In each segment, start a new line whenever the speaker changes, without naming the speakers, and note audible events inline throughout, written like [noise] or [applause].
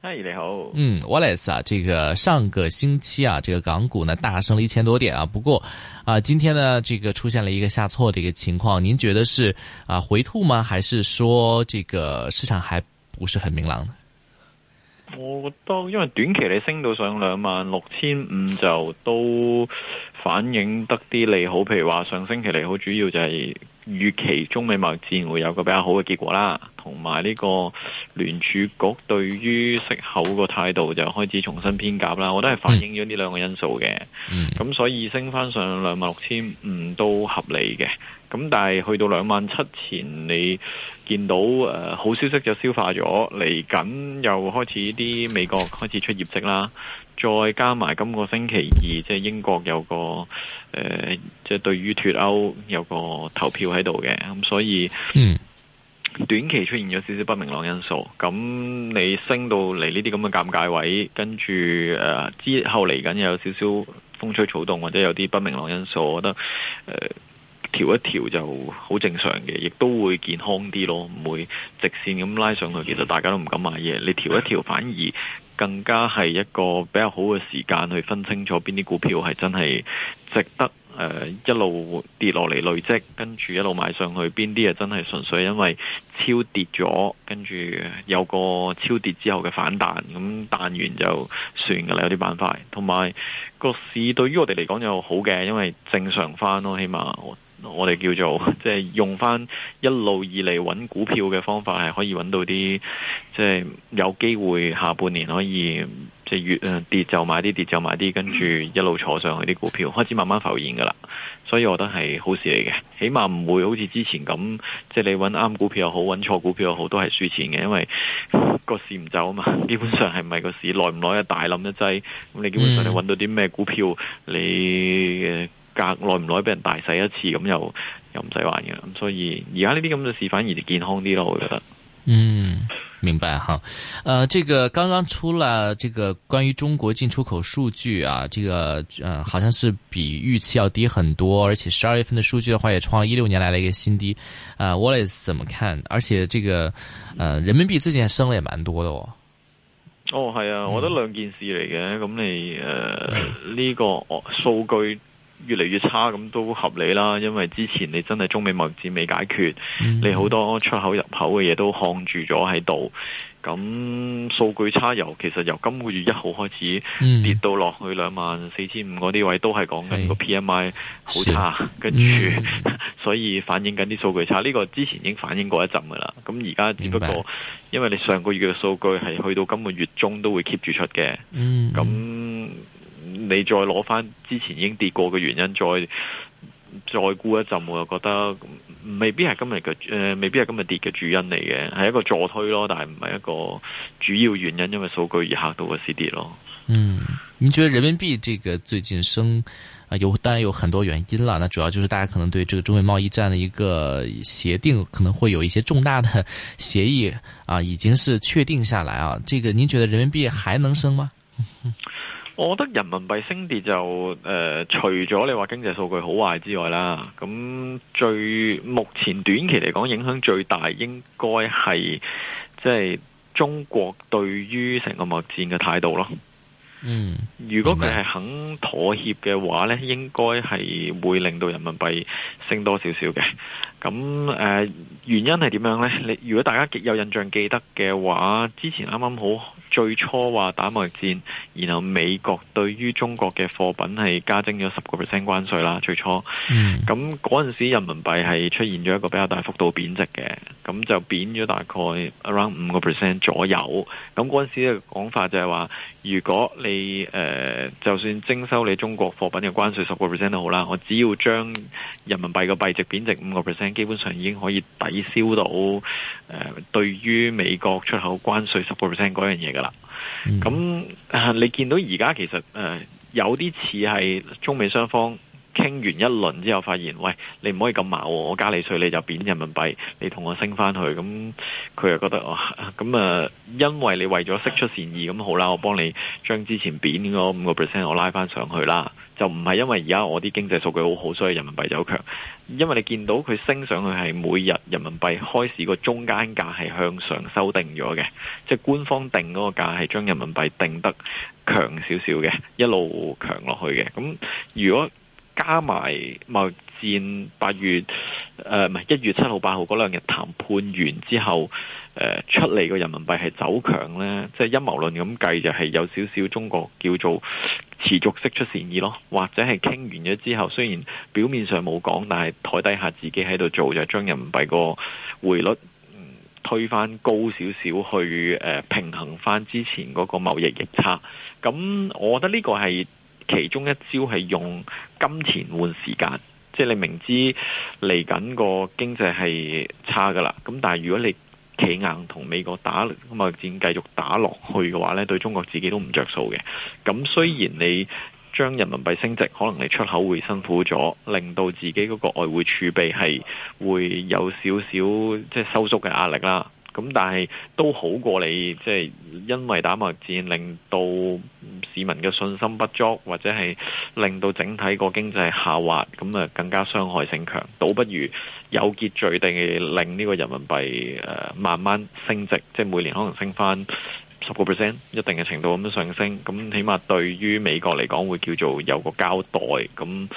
嗨，Hi，你好。嗯，Wallace 啊，這個上個星期啊，這個港股呢大升了一千多點啊。不過，啊，今天呢，這個出現了一個下挫的一個情況。您覺得是啊回吐嗎？還是說這個市場還不是很明朗呢？
我覺得因為短期你升到上兩萬六千五就都反映得啲利好，譬如話上星期利好主要就係、是。預期中美貿易戰會有個比較好嘅結果啦，同埋呢個聯儲局對於息口個態度就開始重新編輯啦，我都係反映咗呢兩個因素嘅，咁、嗯、所以升翻上兩萬六千五都合理嘅，咁但係去到兩萬七前，你見到誒、呃、好消息就消化咗，嚟緊又開始啲美國開始出業績啦。再加埋今個星期二，即係英國有個誒、呃，即係對於脫歐有個投票喺度嘅，咁所以短期出現咗少少不明朗因素。咁你升到嚟呢啲咁嘅尷尬位，跟住誒之後嚟緊有少少風吹草動或者有啲不明朗因素，我覺得誒、呃、調一調就好正常嘅，亦都會健康啲咯，唔會直線咁拉上去。其實大家都唔敢買嘢，你調一調反而。更加係一個比較好嘅時間去分清楚邊啲股票係真係值得、呃、一路跌落嚟累積，跟住一路買上去，邊啲啊真係純粹因為超跌咗，跟住有個超跌之後嘅反彈，咁彈完就算㗎喇。有啲板塊，同埋個市對於我哋嚟講又好嘅，因為正常翻咯，起碼。我哋叫做即係、就是、用翻一路以嚟揾股票嘅方法，係可以揾到啲即係有機會下半年可以即係、就是、越誒跌就買啲，跌就買啲，跟住一,一路坐上去啲股票，開始慢慢浮現噶啦。所以我覺得係好事嚟嘅，起碼唔會好似之前咁，即、就、係、是、你揾啱股票又好，揾錯股票又好，都係輸錢嘅，因為個市唔走啊嘛。基本上係唔係個市耐唔耐啊？來來一大冧一劑咁，你基本上你揾到啲咩股票，你？隔耐唔耐俾人大洗一次咁又又唔使玩嘅咁，所以而家呢啲咁嘅事反而健康啲咯，我覺得。嗯，
明白吓。誒、呃，這個剛剛出了這個關於中國進出口數據啊，這個、呃、好像是比預期要低很多，而且十二月份的數據嘅話，也創了一六年來嘅一個新低。啊、呃、Wallace 怎麼看？而且這個誒、呃，人民幣最近升了也蠻多的哦。
哦，係啊，嗯、我覺得兩件事嚟嘅，咁你誒呢、呃這個數、哦、據。越嚟越差咁都合理啦，因為之前你真係中美貿易戰未解決，嗯、你好多出口入口嘅嘢都看住咗喺度。咁數據差由其實由今個月一號開始、嗯、跌到落去兩萬四千五嗰啲位，都係講緊個 PMI 好差，跟住所以反映緊啲數據差。呢、呢個之前已經反映過一陣噶啦，咁而家只不過白因為你上個月嘅數據係去到今個月中都會 keep 住出嘅，咁、嗯。你再攞翻之前已經跌過嘅原因再，再再估一陣，我又覺得未必係今日嘅，誒，未必係今日跌嘅主因嚟嘅，係一個助推咯，但係唔係一個主要原因，因為數據而嚇到個市跌咯。嗯，
你覺得人民幣這個最近升啊，有當然有很多原因啦。那主要就是大家可能對這個中美貿易戰的一個協定，可能會有一些重大的協議啊，已經是確定下來啊。這個，您覺得人民幣還能升嗎？嗯
我覺得人民幣升跌就誒、呃，除咗你話經濟數據好壞之外啦，咁最目前短期嚟講影響最大應該係即係中國對於成個貿易戰嘅態度咯。嗯，如果佢係肯妥協嘅話呢，應該係會令到人民幣升多少少嘅。咁誒、呃、原因係點樣咧？你如果大家極有印象記得嘅話之前啱啱好最初話打貿易戰，然後美國對於中國嘅貨品係加徵咗十個 percent 關稅啦。最初，咁嗰陣時人民幣係出現咗一個比較大幅度貶值嘅，咁就貶咗大概 around 五個 percent 左右。咁陣時嘅講法就係話如果你誒、呃、就算徵收你中國貨品嘅關稅十個 percent 都好啦，我只要將人民幣嘅幣值貶值五個 percent。基本上已經可以抵消到誒、呃，對於美國出口關稅十個 percent 嗰樣嘢噶啦，咁、嗯啊、你見到而家其實誒、呃，有啲似係中美雙方。傾完一輪之後，發現喂，你唔可以咁矛，我加你稅，你就貶人民幣，你同我升翻去。咁佢又覺得哇，咁、哦、啊、嗯呃，因為你為咗釋出善意，咁好啦，我幫你將之前貶嗰五個 percent，我拉翻上去啦。就唔係因為而家我啲經濟數據好好，所以人民幣就好強。因為你見到佢升上去係每日人民幣開市個中間價係向上修訂咗嘅，即係官方定嗰個價係將人民幣定得強少少嘅，一路強落去嘅。咁、嗯、如果加埋貿易戰八月，誒唔係一月七號八號嗰兩日談判完之後，誒、呃、出嚟個人民幣係走強呢。即係陰謀論咁計，就係有少少中國叫做持續釋出善意咯，或者係傾完咗之後，雖然表面上冇講，但係台底下自己喺度做，就將、是、人民幣個匯率、嗯、推翻高少少去、呃、平衡翻之前嗰個貿易逆差。咁我覺得呢個係。其中一招係用金錢換時間，即係你明知嚟緊個經濟係差㗎啦。咁但係如果你企硬同美國打貿戰，繼續打落去嘅話呢，對中國自己都唔着數嘅。咁雖然你將人民幣升值，可能你出口會辛苦咗，令到自己嗰個外匯儲備係會有少少即係收縮嘅壓力啦。咁但係都好過你，即、就、係、是、因為打貿戰，令到市民嘅信心不足，或者係令到整體個經濟下滑，咁啊更加傷害性強。倒不如有結聚定令呢個人民幣、呃、慢慢升值，即、就、係、是、每年可能升翻十個 percent 一定嘅程度咁上升。咁起碼對於美國嚟講，會叫做有個交代。咁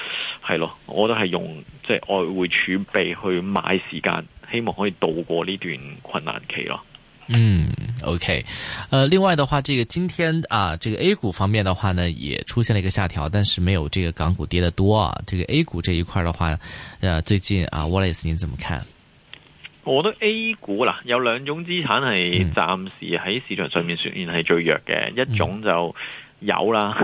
係咯，我都係用即係、就是、外匯儲備去買時間。希望可以度過呢段困難期咯。
嗯，OK、呃。另外的話，這個今天啊，這個 A 股方面的話呢，也出現了一個下調，但是沒有這個港股跌得多啊。這個 A 股這一塊的話，啊、最近啊，Wallace，你怎麼看？
我覺得 A 股啦，有兩種資產係暫時喺市場上面出現係最弱嘅，嗯、一種就有啦，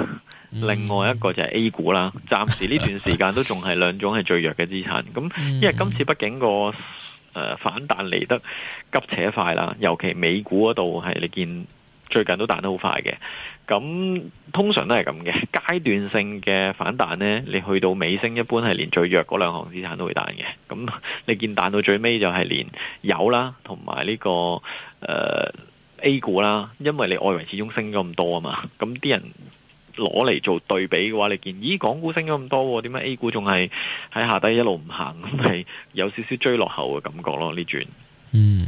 嗯、另外一個就係 A 股啦。暫時呢段時間都仲係兩種係最弱嘅資產。咁、嗯嗯、因為今次畢竟個。誒，反彈嚟得急且快啦，尤其美股嗰度係你見最近都彈得好快嘅。咁通常都係咁嘅階段性嘅反彈呢，你去到尾聲，一般係連最弱嗰兩項資產都會彈嘅。咁你見彈到最尾就係連油啦，同埋呢個、呃、A 股啦，因為你外圍始終升咗咁多啊嘛，咁啲人。攞嚟做對比嘅話，你見咦，港股升咗咁多，點解 A 股仲係喺下低一路唔行？咁咪有少少追落後嘅感覺咯，呢轉嗯。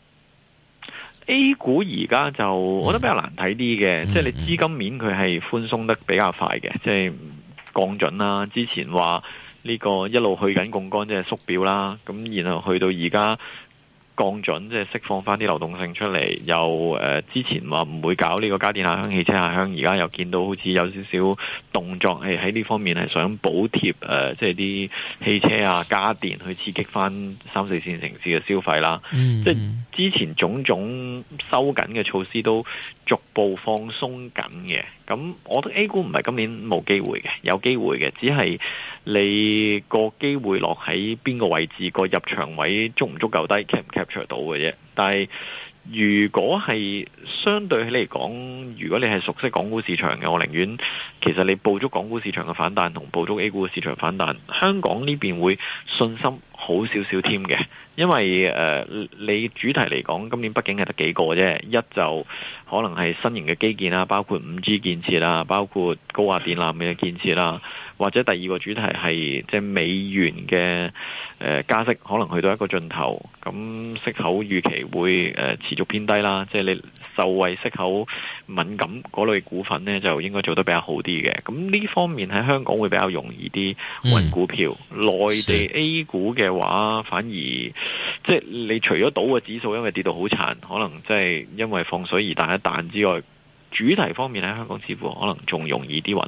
A 股而家就，我覺得比較難睇啲嘅，嗯、即係你資金面佢係寬鬆得比較快嘅，即係降準啦。之前話呢個一路去緊槓桿，即係縮表啦，咁然後去到而家。降準即係釋放翻啲流動性出嚟，又誒、呃、之前話唔會搞呢個家電下鄉、汽車下鄉，而家又見到好似有少少動作，係喺呢方面係想補貼誒，即係啲汽車啊、家電去刺激翻三四線城市嘅消費啦。Mm hmm. 即係之前種種收緊嘅措施都逐步放鬆緊嘅。咁，我覺得 A 股唔係今年冇機會嘅，有機會嘅，只係你個機會落喺邊個位置，個入場位足唔足夠低，cap 唔 capture 到嘅啫。但係如果係相對起嚟講，如果你係熟悉港股市場嘅，我寧願其實你捕捉港股市場嘅反彈同捕捉 A 股嘅市場反彈，香港呢邊會信心，好少少添嘅，因為誒、呃、你主題嚟講，今年畢竟係得幾個啫。一就可能係新型嘅基建啦，包括五 G 建設啦，包括高壓電纜嘅建設啦，或者第二個主題係即係美元嘅誒加息，可能去到一個盡頭，咁息口預期會持續偏低啦，即係你。受惠息口敏感嗰類股份咧，就應該做得比較好啲嘅。咁呢方面喺香港會比較容易啲揾股票，內、嗯、地 A 股嘅話反而是的即係你除咗賭嘅指數因為跌到好殘，可能即係因為放水而彈一彈之外，主題方面喺香港似乎可能仲容易啲揾。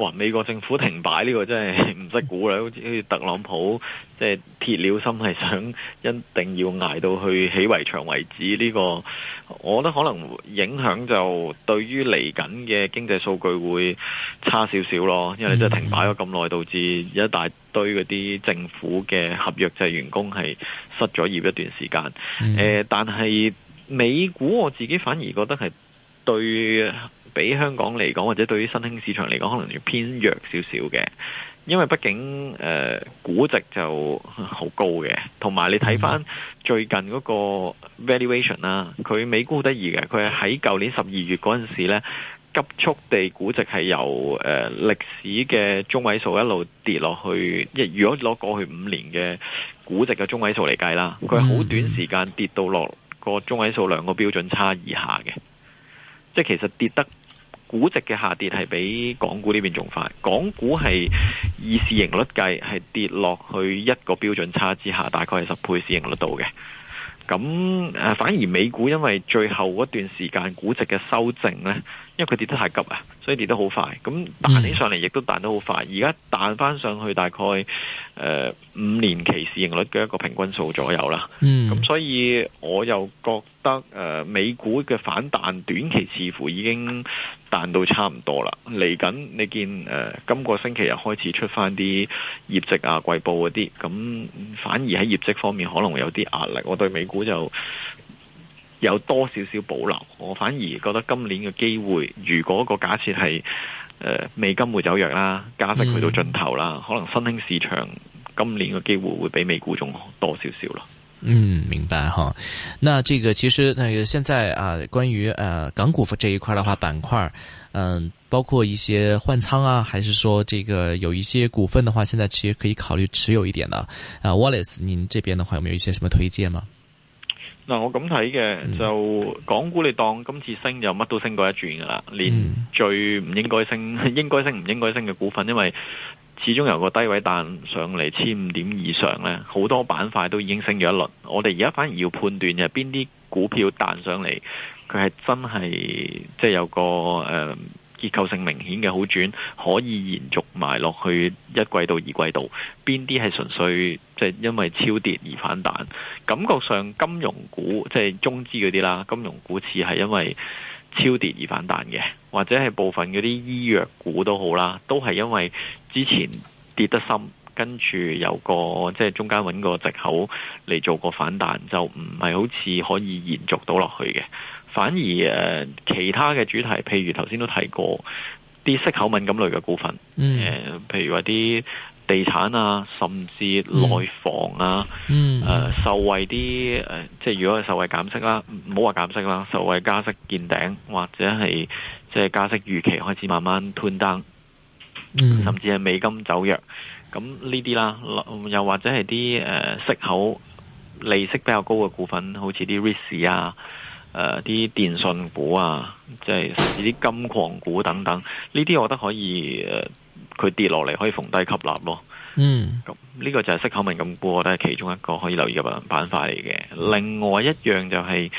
哇，美國政府停擺呢個真係唔識估啦，好似特朗普即係鐵了心係想一定要捱到去起圍牆為止呢個，我覺得可能影響就對於嚟緊嘅經濟數據會差少少咯，因為真係停擺咗咁耐，導致一大堆嗰啲政府嘅合約制員工係失咗業一段時間。呃、但係美股我自己反而覺得係對，比香港嚟講，或者對於新興市場嚟講，可能要偏弱少少嘅，因為畢竟誒、呃、估值就好高嘅，同埋你睇返最近嗰個 valuation 啦，佢美股好得意嘅，佢係喺舊年十二月嗰陣時呢，急速地估值係由誒、呃、歷史嘅中位數一路跌落去，即係如果攞過去五年嘅估值嘅中位數嚟計啦，佢係好短時間跌到落個中位數兩個標準差以下嘅。即係其實跌得估值嘅下跌係比港股呢邊仲快，港股係以市盈率計係跌落去一個標準差之下，大概係十倍市盈率度嘅。咁誒，反而美股因為最後一段時間估值嘅修正呢。因為佢跌得太急啊，所以跌得好快。咁彈起上嚟，亦都彈得好快。而家彈翻上去大概誒五、呃、年期市盈率嘅一個平均數左右啦。咁、嗯、所以我又覺得誒、呃、美股嘅反彈短期似乎已經彈到差唔多啦。嚟緊你見誒、呃、今個星期又開始出翻啲業績啊、季報嗰啲，咁反而喺業績方面可能會有啲壓力。我對美股就嗯有多少少保留。我反而覺得今年嘅機會，如果個假設係誒美金會走弱啦，加息去到盡頭啦，嗯、可能新興市場今年嘅機會會比美股仲多，多少少咯。
嗯，明白哈。那這個其實個現在啊，關於誒港股這一塊的話，板塊嗯，包括一些換倉啊，還是說這個有一些股份的話，現在其實可以考慮持有一點的。啊，Wallace，您這邊的話，有沒有一些什麼推薦嗎？
嗱，我咁睇嘅就港股，你當今次升就乜都升過一轉噶啦，連最唔應該升、應該升唔應該升嘅股份，因為始終由個低位彈上嚟千五點以上呢，好多板塊都已經升咗一輪。我哋而家反而要判斷嘅邊啲股票彈上嚟，佢係真係即係有個、呃結構性明顯嘅好轉，可以延續埋落去一季到二季度。邊啲係純粹即係因為超跌而反彈？感覺上金融股即係、就是、中資嗰啲啦，金融股市係因為超跌而反彈嘅，或者係部分嗰啲醫藥股都好啦，都係因為之前跌得深，跟住有個即係、就是、中間揾個藉口嚟做個反彈，就唔係好似可以延續到落去嘅。反而、呃、其他嘅主題，譬如頭先都提過啲息口敏感類嘅股份，嗯呃、譬如話啲地產啊，甚至內房啊，嗯嗯呃、受惠啲、呃、即係如果係受惠減息啦，唔好話減息啦，受惠加息見頂，或者係即係加息預期開始慢慢 tune down、嗯，
甚
至係美金走弱，咁呢啲啦，又或者係啲誒息口利息比較高嘅股份，好似啲 REITs 啊。誒，啲、呃、電信股啊，即係甚至啲金礦股等等，呢啲我覺得可以佢、呃、跌落嚟可以逢低吸納咯。嗯，咁呢、這個就係息口敏感股，我覺得係其中一個可以留意嘅板板塊嚟嘅。另外一樣就係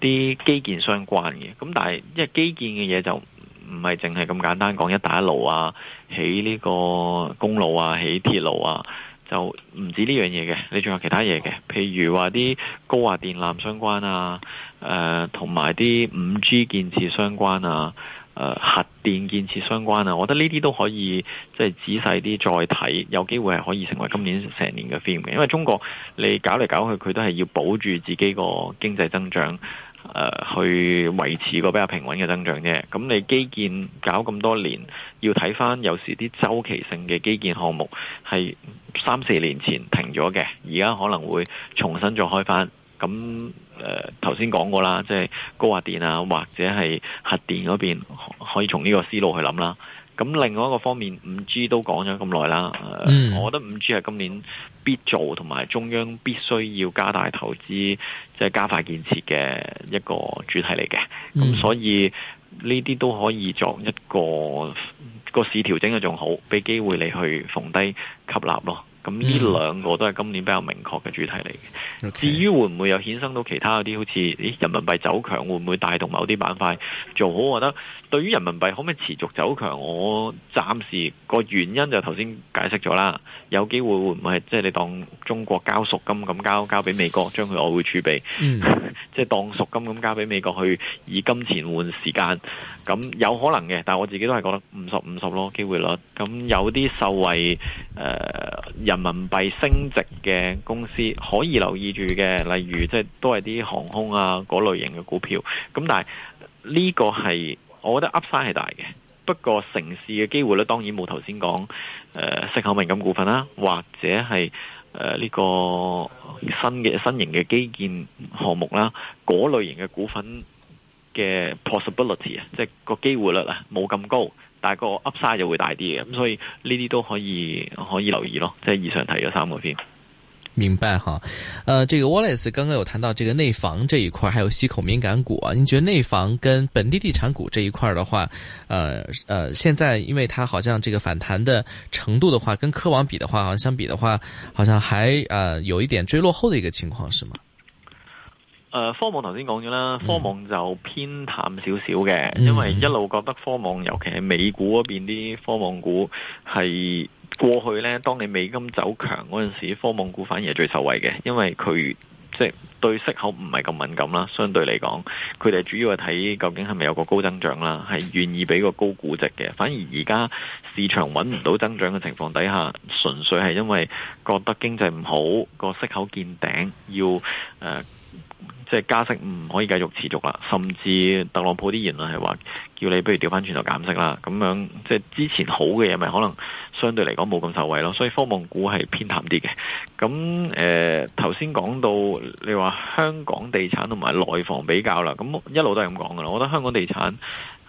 啲基建相關嘅，咁但係因為基建嘅嘢就唔係淨係咁簡單講一帶一路啊，起呢個公路啊，起鐵路啊。就唔止呢樣嘢嘅，你仲有其他嘢嘅，譬如話啲高壓電纜相關啊，誒同埋啲 5G 建設相關啊、呃，核電建設相關啊，我覺得呢啲都可以即係、就是、仔細啲再睇，有機會係可以成為今年成年嘅 theme 嘅，因為中國你搞嚟搞去，佢都係要保住自己個經濟增長。誒、呃，去維持個比較平穩嘅增長啫。咁你基建搞咁多年，要睇翻有時啲周期性嘅基建項目係三四年前停咗嘅，而家可能會重新再開翻。咁誒，頭先講過啦，即係高壓電啊，或者係核電嗰邊，可以從呢個思路去諗啦。咁另外一個方面，五 G 都講咗咁耐啦，我覺得五 G 係今年必做，同埋中央必須要加大投資，即係加快建設嘅一個主題嚟嘅。咁所以呢啲都可以作一個個市調整嘅仲好，俾機會你去逢低吸納咯。咁呢兩個都係今年比較明確嘅主題嚟嘅。Okay，至於會唔會有衍生到其他嗰啲好似，人民幣走強會唔會帶動某啲板塊做好？我覺得對於人民幣可唔可以持續走強，我暫時個原因就頭先解釋咗啦。有機會會唔會係即係你當中國交贖金咁交交俾美國，將佢外匯儲備，嗯、 [laughs] 即係當贖金咁交俾美國去以金錢換時間。咁有可能嘅，但係我自己都係覺得五十五十咯，機會率。咁有啲受惠誒、呃、人民幣升值嘅公司可以留意住嘅，例如即係都係啲航空啊嗰類型嘅股票。咁但係呢個係我覺得 Upside 係大嘅。不過城市嘅機會率當然冇頭先講誒，息口敏感股份啦，或者係誒呢個新嘅新型嘅基建項目啦，嗰類型嘅股份。嘅 possibility 啊，即係個機會率啊，冇咁高，但係個 Upside 就會大啲嘅，咁所以呢啲都可以可以留意咯。即係以上提咗三個點。
明白哈，誒，這個 Wallace 剛剛有談到這個內房這一塊，還有息口敏感股啊，你覺得內房跟本地地產股這一塊的話，誒、呃、誒、呃，現在因為它好像這個反彈的程度的話，跟科網比的話，好像相比的話，好像還誒有一點追落後的一個情況，是嗎？
呃、科網頭先講咗啦，科網就偏淡少少嘅，因為一路覺得科網，尤其係美股嗰邊啲科網股，係過去呢，當你美金走強嗰陣時，科網股反而係最受惠嘅，因為佢即係對息口唔係咁敏感啦。相對嚟講，佢哋主要係睇究竟係咪有個高增長啦，係願意俾個高估值嘅。反而而家市場揾唔到增長嘅情況底下，純粹係因為覺得經濟唔好，個息口見頂，要、呃即係加息唔可以繼續持續啦，甚至特朗普啲言論係話叫你不如調翻轉頭減息啦。咁樣即係之前好嘅嘢，咪可能相對嚟講冇咁受惠咯。所以科網股係偏淡啲嘅。咁誒頭先講到你話香港地產同埋內房比較啦，咁一路都係咁講噶啦。我覺得香港地產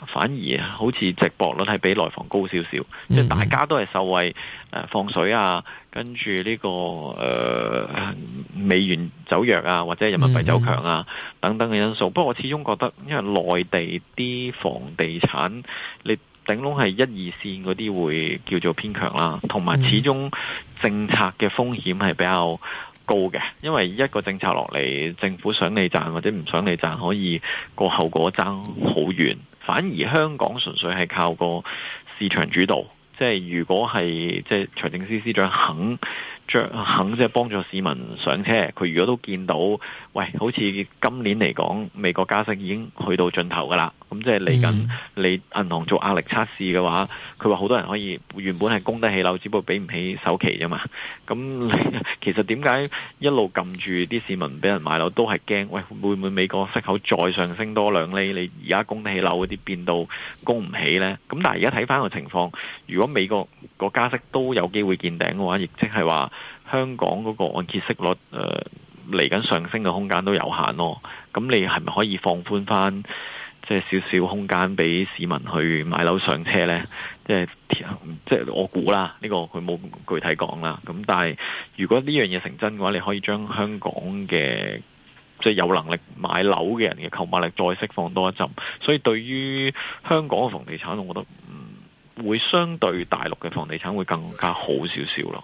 反而好似值博率係比內房高少少，嗯嗯即係大家都係受惠誒、呃、放水啊，跟住呢個誒、呃、美元走弱啊，或者人民幣走強啊。嗯嗯嗯啊，等等嘅因素。不過我始終覺得，因為內地啲房地產，你頂籠係一二線嗰啲會叫做偏強啦，同埋始終政策嘅風險係比較高嘅。因為一個政策落嚟，政府想你賺或者唔想你賺，可以個後果爭好遠。反而香港純粹係靠個市場主導。即係如果係即係財政司司長肯將肯即係幫助市民上車，佢如果都見到。喂，好似今年嚟講，美國加息已經去到盡頭噶啦，咁即係嚟緊，你銀行做壓力測試嘅話，佢話好多人可以原本係供得起樓，只不過俾唔起首期啫嘛。咁你其實點解一路撳住啲市民俾人買樓，都係驚，喂會唔會美國息口再上升多兩厘，你而家供得起樓嗰啲變到供唔起呢？咁但係而家睇翻個情況，如果美國個加息都有機會見頂嘅話，亦即係話香港嗰個按揭息率，呃嚟緊上升嘅空間都有限咯，咁你係咪可以放寬翻即係少少空間俾市民去買樓上車呢？即係即係我估啦，呢個佢冇具體講啦。咁但係如果呢樣嘢成真嘅話，你可以將香港嘅即係有能力買樓嘅人嘅購買力再釋放多一陣，所以對於香港嘅房地產，我覺得嗯會相對大陸嘅房地產會更加好
少少咯。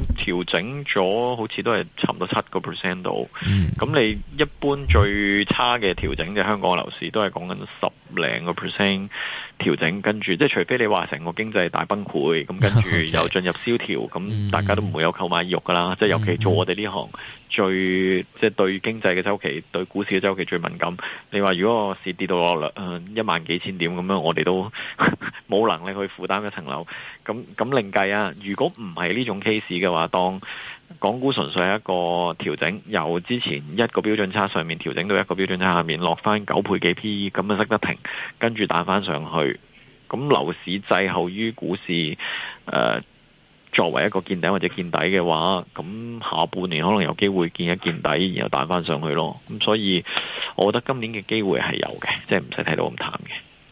調整咗，好似都係差唔多七個 percent 度。咁、嗯、你一般最差嘅調整嘅香港樓市都係講緊十零個 percent 調整，跟住即係除非你話成個經濟大崩潰，咁跟住又進入蕭條，咁 [laughs] 大家都唔會有購買意欲噶啦。 [laughs] 即係尤其做我哋呢行，最即係對經濟嘅周期、對股市嘅周期最敏感。你話如果個市跌到落兩、呃、一萬幾千點咁樣我，我哋都冇能力去負擔一層樓。咁咁另計啊！如果唔係呢種 case 嘅話，當港股純粹係一個調整，由之前一個標準差上面調整到一個標準差下面，落翻九倍幾 PE，咁啊識得停，跟住彈翻上去。咁樓市滯後於股市，呃，作為一個見頂或者見底嘅話，咁下半年可能有機會見一見底，然後彈翻上去咯。咁所以，我覺得今年嘅機會係有嘅，即係唔使睇到咁淡嘅。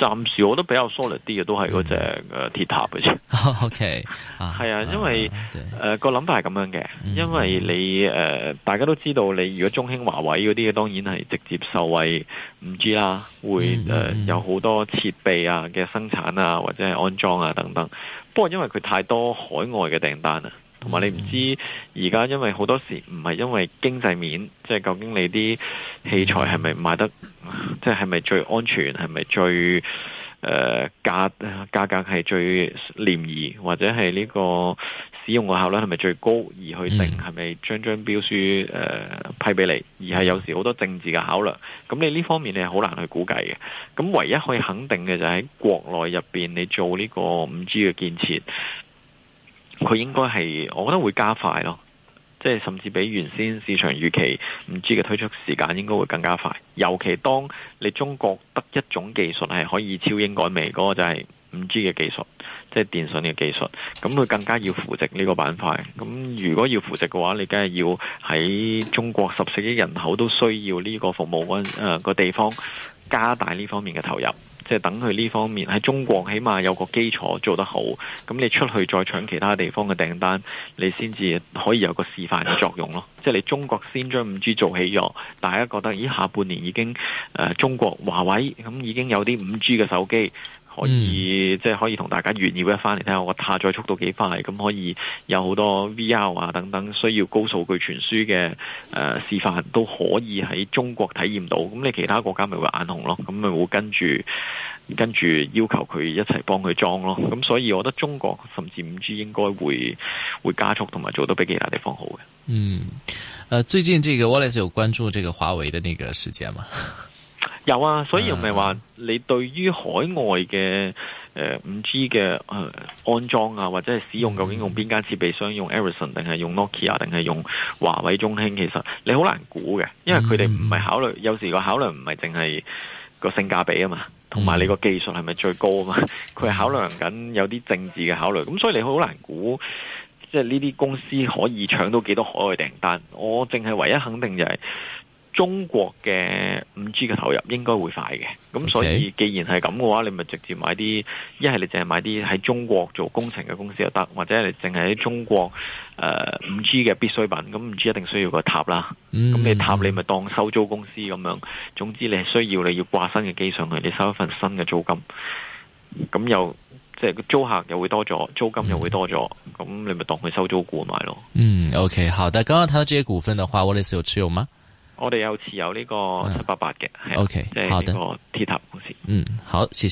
暫時我都比較 solid 啲嘅，都係嗰隻鐵塔嘅啫。Mm. Oh, OK，係、ah, 啊、okay.，因為誒個諗法係咁樣嘅，因為你誒、呃、大家都知道，你如果中興、華為嗰啲嘅，當然係直接受惠 5G 啦，會誒、mm hmm. 呃、有好多設備啊嘅生產啊，或者係安裝啊等等。不過因為佢太多海外嘅訂單啊。同埋你唔知而家，因為好多時唔係因為經濟面，即係究竟你啲器材係咪賣得，即係係咪最安全，係咪最誒價，價格係最廉宜，或者係呢個使用嘅效率係咪最高，而去定係咪將張標書誒、呃、批俾你，而係有時好多政治嘅考量，咁你呢方面你係好難去估計嘅。咁唯一可以肯定嘅就喺國內入邊，你做呢個五 G 嘅建設。佢應該係，我覺得會加快咯，即係甚至比原先市場預期五 G 嘅推出時間應該會更加快。尤其當你中國得一種技術係可以超英趕美嗰個就係五 G 嘅技術，即係電信嘅技術，咁佢更加要扶植呢個板塊。咁如果要扶植嘅話，你梗係要喺中國十四億人口都需要呢個服務嗰個地方。加大呢方面嘅投入，即係等佢呢方面喺中國起碼有個基礎做得好，咁你出去再搶其他地方嘅訂單，你先至可以有個示範嘅作用咯。即係你中國先將五 G 做起咗，大家覺得咦，下半年已經誒、呃、中國華為咁已經有啲五 G 嘅手機。嗯、可以即係、就是、可以同大家炫耀一翻嚟睇下，看看我個下載速度幾快。咁可以有好多 VR 啊等等需要高數據傳輸嘅誒示範都可以喺中國體驗到。咁你其他國家咪會眼紅咯，咁咪會跟住跟住要求佢一齊幫佢裝咯。咁所以我覺得中國甚至五 G 應該會會加速同埋做得比其他地方好嘅。嗯，誒、
呃，最近這個 Wallace 有關注這個華為的那個事件嗎？有啊，所以又唔係話你對於海
外嘅誒五 G 嘅安裝啊，或者係使用究竟用邊間設備商，商、嗯，用 Ericsson 定係用 Nokia、ok、定係用華為中興，其實你好難估嘅，因為佢哋唔係考慮，嗯、有時個考慮唔係淨係個性價比啊嘛，同埋你個技術係咪最高啊嘛，佢係考量緊有啲政治嘅考慮，咁所以你好難估，即係呢啲公司可以搶到幾多海外訂單。我淨係唯一肯定就係、是。中國嘅五 G 嘅投入應該會快嘅，咁所以既然係咁嘅話，Okay. 你咪直接買啲一係你淨係買啲喺中國做工程嘅公司又得，或者你淨係喺中國誒五、呃、G 嘅必需品，咁五 G 一定需要個塔啦。咁你塔你咪當收租公司咁樣，嗯、總之你需要你要掛新嘅機上去，你收一份新嘅租金。咁又即係、就是、租客又會多咗，租金又會多咗，咁、嗯、你
咪當佢收租股咪咯。嗯，OK，好但剛剛談到這些股份的話我 a l l a 有持有嗎？
我哋有持有呢個七八八嘅。啊，
係，OK，即係呢個鐵塔公司，好。嗯，好，謝謝。